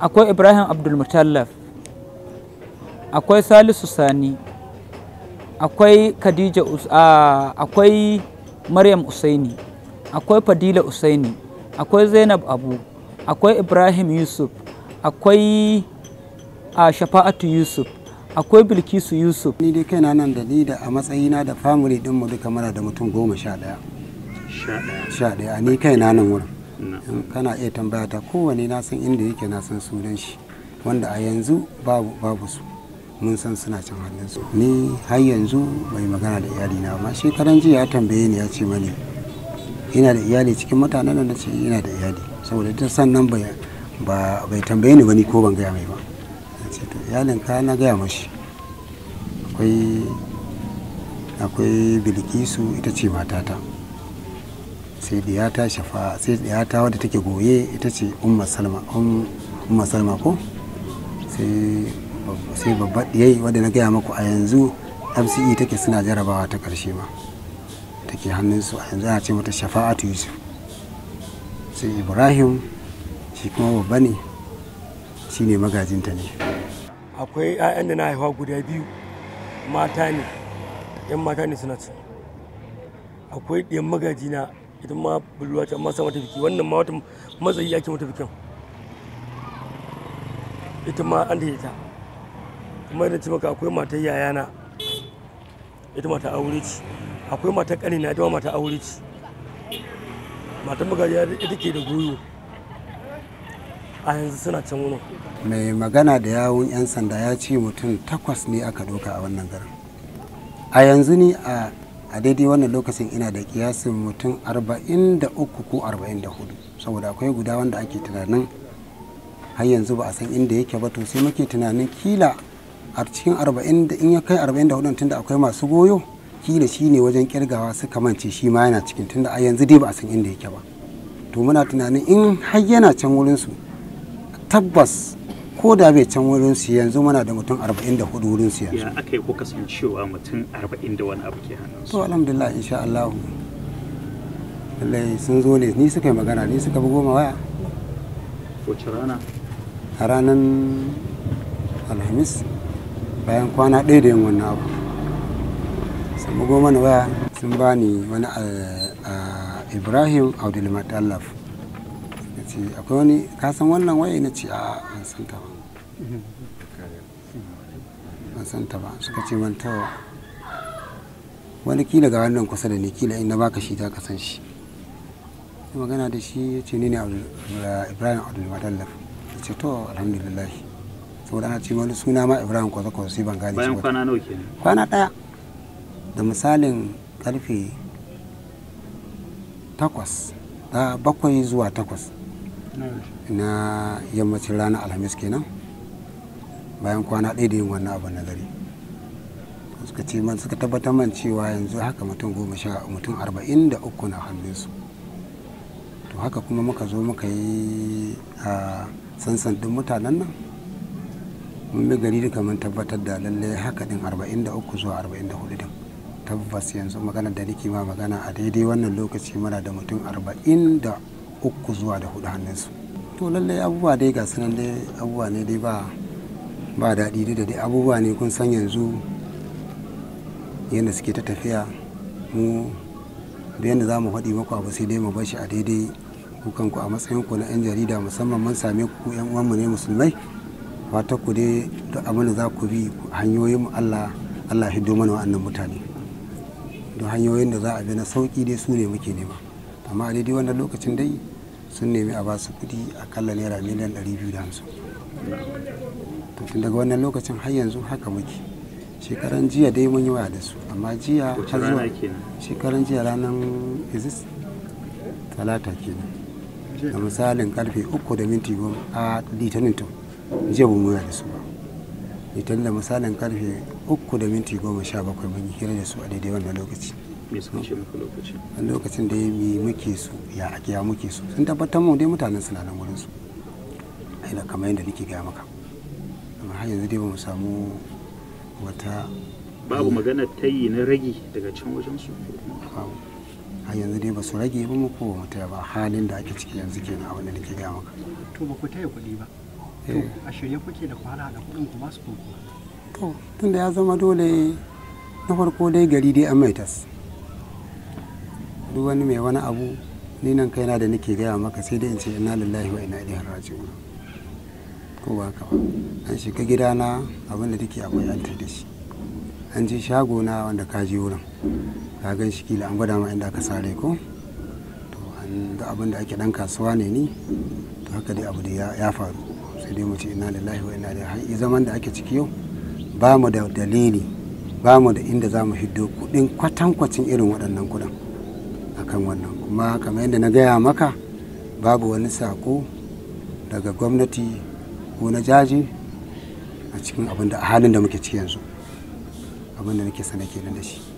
akwai ibrahim abdulmutallaf akwai salisu sani akwai khadija akwai maryam usaini akwai fadila usaini akwai zainab abu akwai ibrahim yusuf akwai a shafa'atu yusuf akwai bilkisu yusuf ni dai kaina nan da ni a matsayina da family dinmu duka mara da mutum goma sha daya sha daya ni kaina nan wurin kana iya tambaya ta kowane na san inda yake na san sunan shi wanda a yanzu babu babu su mun san suna can su ni har yanzu mai magana da iyali na amma shekaran jiya ya tambaye ni ya ce mani ina da iyali cikin mutanen da na ce ina da iyali saboda ta sannan bai bai tambaye ni bani ko ban gaya mai ba na ce to iyalin ka na gaya mashi akwai akwai bilkisu ita ce matata sai diyata shafa sai ta wadda take goye ita ce umma salma umma salma ko sai babba diyai wadda na gaya maku a yanzu mce take suna jarabawa ta karshe ma take hannun su a yanzu ana ce mata shafa'atu yusuf sai ibrahim shi kuma babba ne shi ne magajinta ne akwai 'ya'yan da na haifa guda biyu mata ne 'yan mata ne suna ci akwai ɗiyan magajina idan ma bulwa ta amma sa mata biki wannan ma wata matsayi ake mata bikin ita ma an da ta kuma yadda ce maka akwai matar yayana ita mata aure ce akwai matar ƙanina ita mata aure ce matar magajiya ita ke da goyo a yanzu suna can wurin mai magana da yawun 'yan sanda ya ce mutum takwas ne aka doka a wannan garin a yanzu ni a a daidai wannan lokacin ina da kiyasin mutum 43 ko 44 saboda akwai guda wanda ake tunanin har yanzu ba a san inda yake ba to sai muke tunanin kila a cikin 40 da in ya kai 44 tunda akwai masu goyo kila shi ne wajen kirgawa suka mance shi ma yana cikin tunda a yanzu dai ba a san inda yake ba to muna tunanin in har yana can wurinsu tabbas ko da bai can wurin su yanzu muna da mutum 44 wurin su yanzu ya aka yi kuka san cewa mutum 40 da wani abu ke hannun su to alhamdulillah insha Allah lallai sun zo ne ni suka yi magana ni suka bugo goma waya wace rana a ranar alhamis bayan kwana ɗaya da yin wannan abu sun bugo mana waya sun bani wani eh, eh, ibrahim abdulmatallaf ce akwai wani kasan wannan waye na ce a ban san ta ba ban san ta ba suka ce ban tawa wani kila ga wannan kusa da ni kila in na baka shi ta kasan shi magana da shi ya ce ni ne ibrahim abdulmadallaf ya ce to alhamdulillah saboda ana ce wani suna ma ibrahim kwasa kwasa sai ban gane shi kwana kwana daya da misalin karfe takwas da bakwai zuwa takwas na yammacin ranar alhamis kenan bayan kwana ɗaya da yin wannan abin nazari suka ce man suka tabbatar man cewa yanzu haka mutum goma sha mutum arba'in da uku na hannunsu to haka kuma muka zo muka yi a sansan ɗin mutanen nan mun bi gari duka mun tabbatar da lallai haka ɗin arba'in da uku zuwa arba'in da hudu din tabbas yanzu magana da nake ma magana a daidai wannan lokaci muna da mutum arba'in da uku zuwa da hudu hannunsu to lallai abubuwa dai ga sunan dai abubuwa ne dai ba ba daɗi da dai abubuwa ne kun san yanzu yadda suke ta tafiya mu da yadda za mu faɗi maku abu sai dai mu bashi a daidai kukan ku a matsayin ku na 'yan jarida musamman mun same ku 'yan uwanmu ne musulmai fata ku dai duk abin da za ku bi hanyoyin Allah Allah hiddo mana wa'annan mutane don hanyoyin da za a bi na sauki dai su ne muke nema amma a daidai wannan lokacin dai sun nemi a basu kuɗi kalla naira miliyan 250 to tun daga wannan lokacin har yanzu haka muke shekaran jiya dai mun yi waya da su amma jiya har zuwa shekaran jiya ranar isis talata kenan da misalin karfe 3 da minti goma a litinin to jiya mun mu da su ba litinin da misalin karfe 3 da minti goma sha bakwai mun yi hira da su a daidai wannan lokaci a lokacin da ya yi muke su ya ake ya muke su sun tabbatar mu dai mutanen suna nan wurin su aina kamar yadda nake gaya maka amma har yanzu dai ba mu samu wata babu magana ta yi na ragi daga can wajen su har yanzu dai ba su rage ba mu ko ba mu taya ba halin da ake ciki yanzu kenan a wanda nake gaya maka to ba ku taya kuɗi ba to eh. a shirye kuke da kwana da kuɗin ku ba su to tunda ya zama dole na farko dai gari dai an maitas duk wani mai wani abu ni nan kaina da nake gaya maka sai dai in ce ina lillahi wa ina ilaihi raji'un ko ba ka ba an shiga gidana abin da take akwai an da shi an je shago na wanda ka ji wurin ka gan shi kila an gwada ma inda ka sare ko to an da abin da ake dan kasuwa ne ni to haka dai abu da ya faru sai dai mu ce ina lillahi wa ina ilaihi zaman da ake ciki yau ba mu da dalili ba mu da inda za mu hiddo kudin kwatankwacin irin waɗannan kudin akan wannan kuma kamar yadda na gaya maka babu wani sako daga gwamnati ko na jaji a cikin abin da halin da muke ciki yanzu abin da nake sana kenan da shi